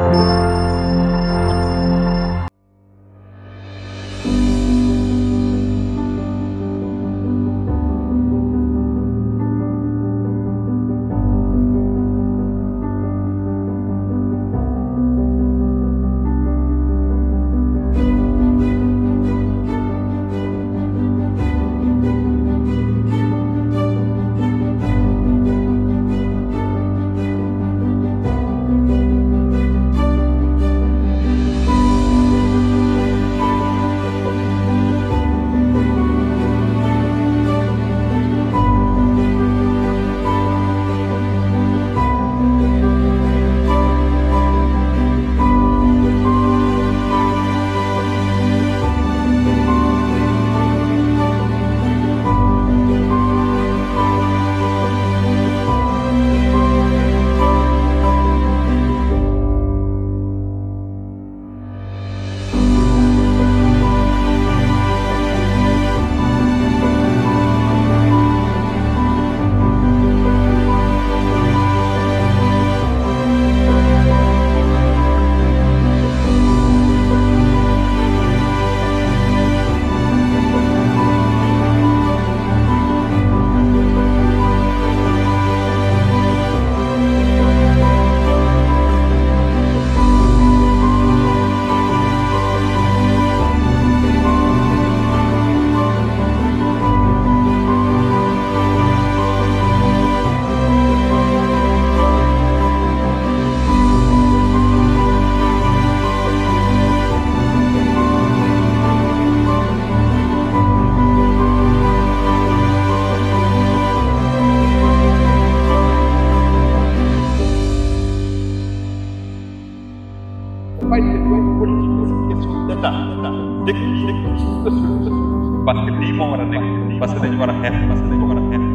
thank you pas une de temps de temps dëkk bi dëkk bi moo war a nekk parce que dañu war a a